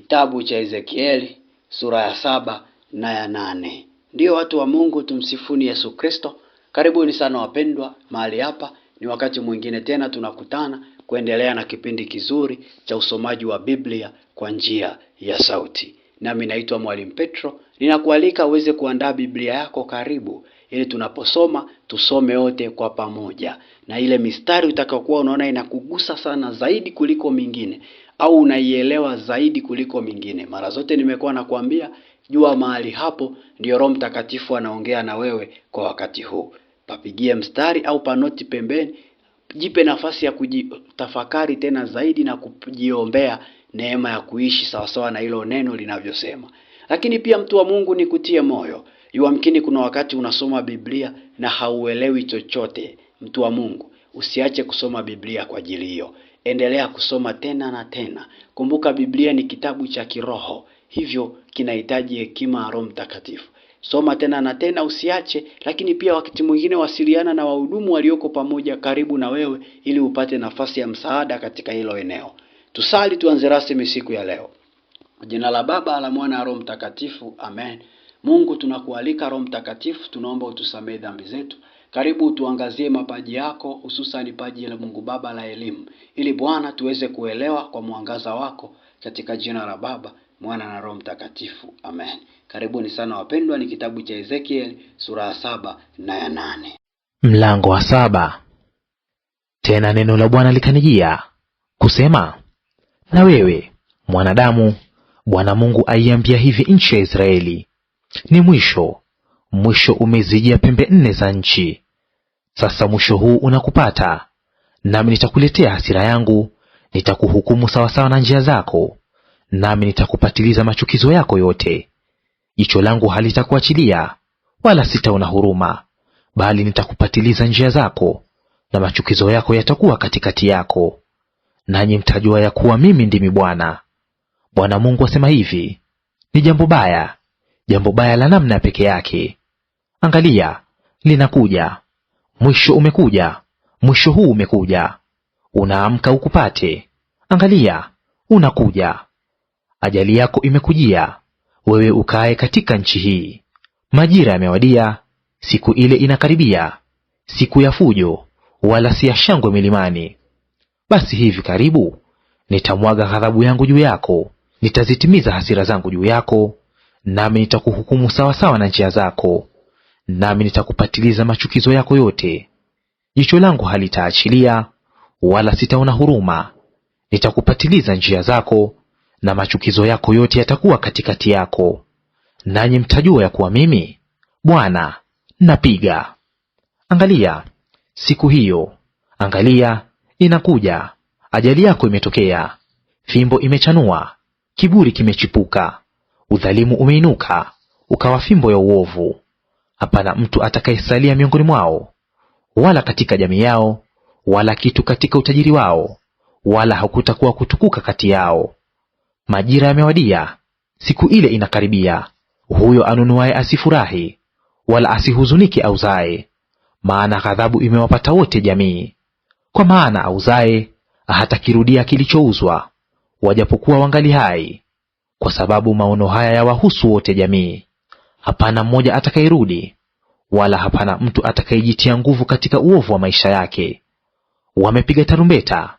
kitabu cha Ezekieli sura ya saba na ya nane. Ndiyo watu wa Mungu, tumsifuni Yesu Kristo. Karibuni sana wapendwa mahali hapa, ni wakati mwingine tena tunakutana kuendelea na kipindi kizuri cha usomaji wa Biblia kwa njia ya sauti. Nami naitwa Mwalimu Petro, ninakualika uweze kuandaa Biblia yako karibu, ili tunaposoma tusome wote kwa pamoja, na ile mistari utakayokuwa unaona inakugusa sana zaidi kuliko mingine au unaielewa zaidi kuliko mingine. Mara zote nimekuwa nakwambia, jua mahali hapo ndio Roho Mtakatifu anaongea na wewe kwa wakati huu. Papigie mstari au panoti pembeni, jipe nafasi ya kujitafakari tena zaidi na kujiombea neema ya kuishi sawasawa na hilo neno linavyosema. Lakini pia mtu wa Mungu, ni kutie moyo, yuamkini kuna wakati unasoma Biblia na hauelewi chochote. Mtu wa Mungu, usiache kusoma Biblia kwa ajili hiyo endelea kusoma tena na tena. Kumbuka Biblia ni kitabu cha kiroho, hivyo kinahitaji hekima ya Roho Mtakatifu. Soma tena na tena, usiache. Lakini pia wakati mwingine wasiliana na wahudumu walioko pamoja karibu na wewe, ili upate nafasi ya msaada katika hilo eneo. Tusali, tuanze rasmi siku ya leo. Jina la Baba la Mwana Roho Mtakatifu, amen. Mungu, tunakualika Roho Mtakatifu, tunaomba utusamehe dhambi zetu karibu tuangazie mapaji yako hususani paji la Mungu Baba la elimu, ili Bwana tuweze kuelewa kwa mwangaza wako, katika jina la Baba, Mwana na Roho Mtakatifu, amen. Karibuni sana wapendwa, ni kitabu cha Ezekiel sura ya saba na ya nane. Mlango wa saba. Tena neno la Bwana likanijia kusema, na wewe mwanadamu, Bwana Mungu aiambia hivi nchi ya Israeli, ni mwisho mwisho umezijia pembe nne za nchi, sasa mwisho huu unakupata, nami nitakuletea hasira yangu, nitakuhukumu sawasawa na njia zako, nami nitakupatiliza machukizo yako yote. Jicho langu halitakuachilia wala sitaona huruma, bali nitakupatiliza njia zako, na machukizo yako yatakuwa katikati yako. Nanyi mtajua ya kuwa mimi ndimi Bwana. Bwana Mungu asema hivi: ni jambo baya, jambo baya la namna ya peke yake! Angalia, linakuja Mwisho umekuja, mwisho huu umekuja. Unaamka ukupate, angalia unakuja. Ajali yako imekujia wewe ukae katika nchi hii. Majira yamewadia, siku ile inakaribia, siku ya fujo, wala si ya shangwe milimani. Basi hivi karibu nitamwaga ghadhabu yangu juu yako, nitazitimiza hasira zangu juu yako, nami nitakuhukumu sawasawa na njia zako nami nitakupatiliza machukizo yako yote. Jicho langu halitaachilia wala sitaona huruma, nitakupatiliza njia zako, na machukizo yako yote yatakuwa katikati yako. Nanyi mtajua ya kuwa mimi Bwana napiga. Angalia siku hiyo, angalia inakuja, ajali yako imetokea, fimbo imechanua, kiburi kimechipuka, udhalimu umeinuka ukawa fimbo ya uovu hapana mtu atakayesalia miongoni mwao, wala katika jamii yao, wala kitu katika utajiri wao, wala hakutakuwa kutukuka kati yao. Majira yamewadia, siku ile inakaribia. Huyo anunuaye asifurahi, wala asihuzunike auzaye, maana ghadhabu imewapata wote jamii. Kwa maana auzaye hatakirudia kilichouzwa, wajapokuwa wangali hai, kwa sababu maono haya yawahusu wote jamii hapana mmoja atakayerudi, wala hapana mtu atakayejitia nguvu katika uovu wa maisha yake. Wamepiga tarumbeta,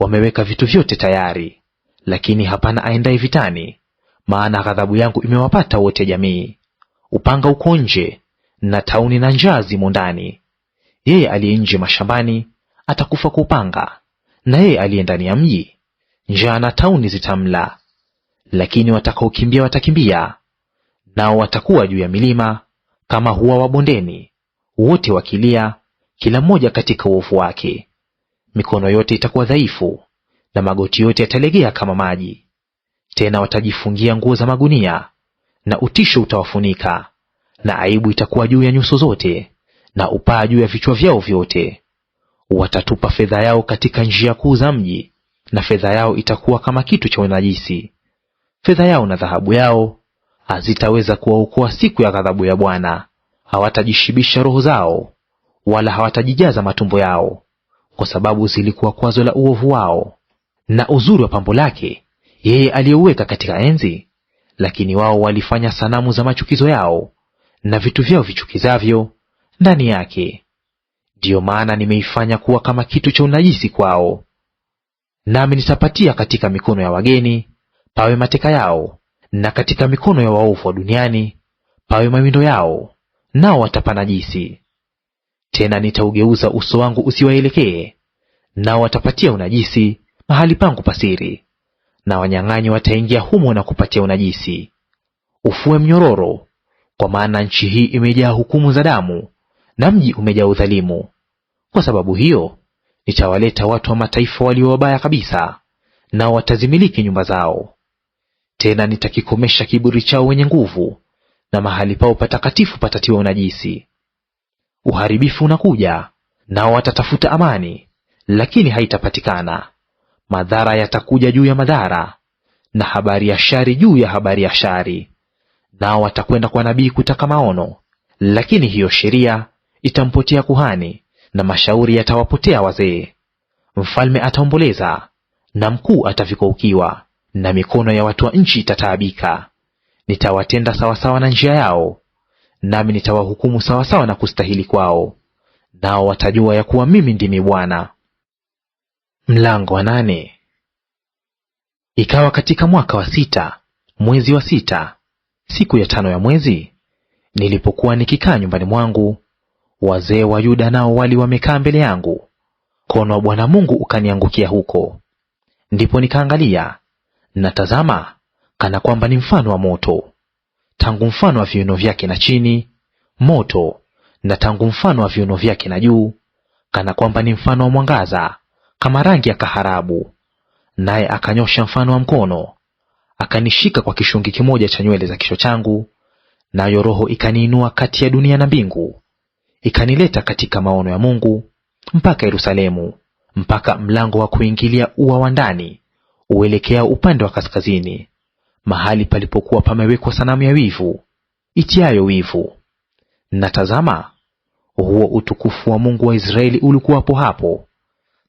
wameweka vitu vyote tayari, lakini hapana aendaye vitani, maana ghadhabu yangu imewapata wote jamii. Upanga uko nje na tauni na njaa zimo ndani. Yeye aliye nje mashambani atakufa kwa upanga, na yeye aliye ndani ya mji njaa na tauni zitamla. Lakini watakaokimbia watakimbia, Nao watakuwa juu ya milima kama hua wa bondeni, wote wakilia, kila mmoja katika uovu wake. Mikono yote itakuwa dhaifu, na magoti yote yatalegea kama maji. Tena watajifungia nguo za magunia, na utisho utawafunika, na aibu itakuwa juu ya nyuso zote, na upaa juu ya vichwa vyao vyote. Watatupa fedha yao katika njia kuu za mji, na fedha yao itakuwa kama kitu cha unajisi. Fedha yao na dhahabu yao hazitaweza kuwaokoa siku ya ghadhabu ya Bwana. Hawatajishibisha roho zao, wala hawatajijaza matumbo yao, kwa sababu zilikuwa kwazo la uovu wao. Na uzuri wa pambo lake yeye aliyeuweka katika enzi, lakini wao walifanya sanamu za machukizo yao na vitu vyao vichukizavyo ndani yake. Ndiyo maana nimeifanya kuwa kama kitu cha unajisi kwao, nami nitapatia katika mikono ya wageni pawe mateka yao, na katika mikono ya waovu wa duniani pawe mawindo yao, nao watapanajisi. Tena nitaugeuza uso wangu usiwaelekee, nao watapatia unajisi mahali pangu pasiri, na wanyang'anyi wataingia humo na kupatia unajisi. Ufue mnyororo, kwa maana nchi hii imejaa hukumu za damu, na mji umejaa udhalimu. Kwa sababu hiyo nitawaleta watu wa mataifa walio wabaya kabisa, nao watazimiliki nyumba zao. Tena nitakikomesha kiburi chao wenye nguvu, na mahali pao patakatifu patatiwa unajisi. Uharibifu unakuja, nao watatafuta amani, lakini haitapatikana. Madhara yatakuja juu ya madhara, na habari ya shari juu ya habari ya shari. Nao watakwenda kwa nabii kutaka maono, lakini hiyo sheria itampotea kuhani, na mashauri yatawapotea wazee. Mfalme ataomboleza na mkuu atavikwa ukiwa, na mikono ya watu wa nchi itataabika. Nitawatenda sawasawa na njia yao, nami nitawahukumu sawasawa na kustahili kwao, nao watajua ya kuwa mimi ndimi Bwana. Mlango wa nane. Ikawa katika mwaka wa sita mwezi wa sita siku ya tano ya mwezi, nilipokuwa nikikaa nyumbani mwangu, wazee wa Yuda nao wali wamekaa mbele yangu, mkono wa Bwana Mungu ukaniangukia huko. Ndipo nikaangalia na tazama, kana kwamba ni mfano wa moto; tangu mfano wa viuno vyake na chini moto, na tangu mfano wa viuno vyake na juu, kana kwamba ni mfano wa mwangaza, kama rangi ya kaharabu. Naye akanyosha mfano wa mkono, akanishika kwa kishungi kimoja cha nywele za kichwa changu, nayo Roho ikaniinua kati ya dunia na mbingu, ikanileta katika maono ya Mungu mpaka Yerusalemu, mpaka mlango wa kuingilia ua wa ndani uelekea upande wa kaskazini, mahali palipokuwa pamewekwa sanamu ya wivu itiayo wivu. Na tazama, huo utukufu wa Mungu wa Israeli ulikuwapo hapo,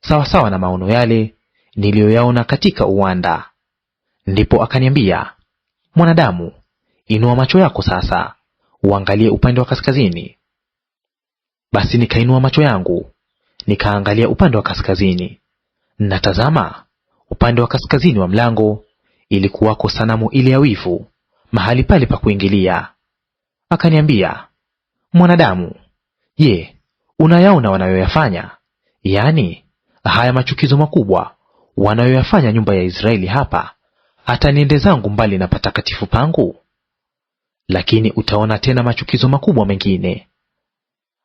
sawasawa na maono yale niliyoyaona katika uwanda. Ndipo akaniambia, mwanadamu, inua macho yako sasa, uangalie upande wa kaskazini. Basi nikainua macho yangu nikaangalia upande wa kaskazini, na tazama, Upande wa kaskazini wa mlango ilikuwako sanamu ile ya wivu mahali pale pa kuingilia. Akaniambia, mwanadamu, je, unayaona wanayoyafanya, yaani haya machukizo makubwa wanayoyafanya nyumba ya Israeli hapa, hata niende zangu mbali na patakatifu pangu? Lakini utaona tena machukizo makubwa mengine.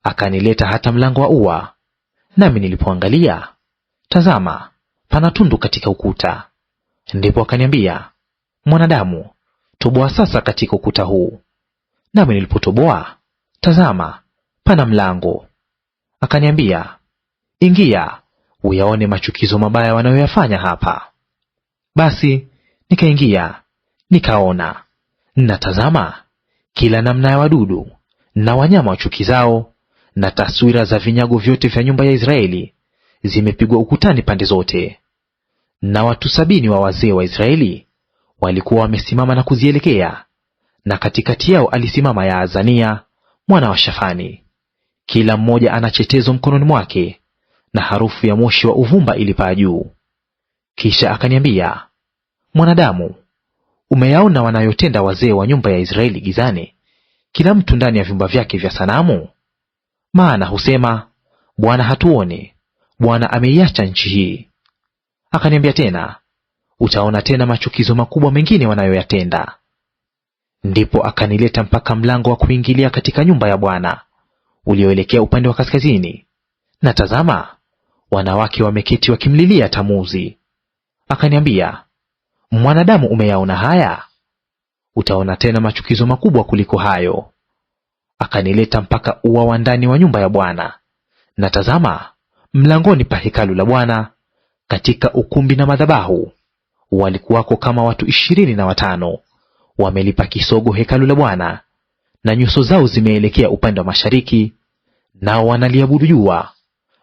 Akanileta hata mlango wa ua, nami nilipoangalia, tazama, pana tundu katika ukuta. Ndipo akaniambia, mwanadamu, toboa sasa katika ukuta huu. Nami nilipotoboa, tazama, pana mlango. Akaniambia, ingia uyaone machukizo mabaya wanayoyafanya hapa. Basi nikaingia nikaona, na tazama, kila namna ya wadudu na wanyama wachukizao na taswira za vinyago vyote vya nyumba ya Israeli zimepigwa ukutani pande zote na watu sabini wa wazee wa Israeli walikuwa wamesimama na kuzielekea, na katikati yao alisimama Yaazania mwana wa Shafani, kila mmoja ana chetezo mkononi mwake, na harufu ya moshi wa uvumba ilipaa juu. Kisha akaniambia, mwanadamu, umeyaona wanayotenda wazee wa nyumba ya Israeli gizani, kila mtu ndani ya vyumba vyake vya sanamu? Maana husema Bwana hatuoni, Bwana ameiacha nchi hii. Akaniambia tena, utaona tena machukizo makubwa mengine wanayoyatenda. Ndipo akanileta mpaka mlango wa kuingilia katika nyumba ya Bwana ulioelekea upande wa kaskazini, na tazama, wanawake wameketi wakimlilia Tamuzi. Akaniambia, mwanadamu, umeyaona haya? Utaona tena machukizo makubwa kuliko hayo. Akanileta mpaka ua wa ndani wa nyumba ya Bwana, na tazama, mlangoni pa hekalu la Bwana katika ukumbi na madhabahu walikuwako kama watu ishirini na watano wamelipa kisogo hekalu la Bwana, na nyuso zao zimeelekea upande wa mashariki, nao wanaliabudu jua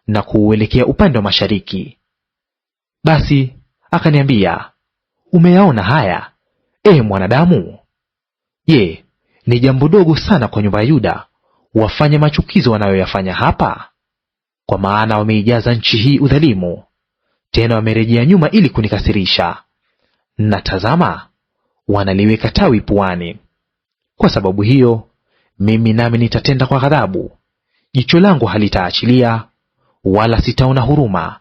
na kuuelekea upande wa mashariki. Basi akaniambia, umeyaona haya, e mwanadamu? Je, ni jambo dogo sana kwa nyumba ya Yuda wafanye machukizo wanayoyafanya hapa? Kwa maana wameijaza nchi hii udhalimu, tena wamerejea nyuma ili kunikasirisha. Na tazama, wanaliweka tawi puani. Kwa sababu hiyo mimi nami nitatenda kwa ghadhabu, jicho langu halitaachilia, wala sitaona huruma;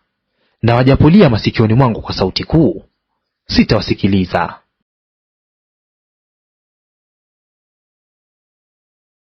na wajapolia masikioni mwangu kwa sauti kuu, sitawasikiliza.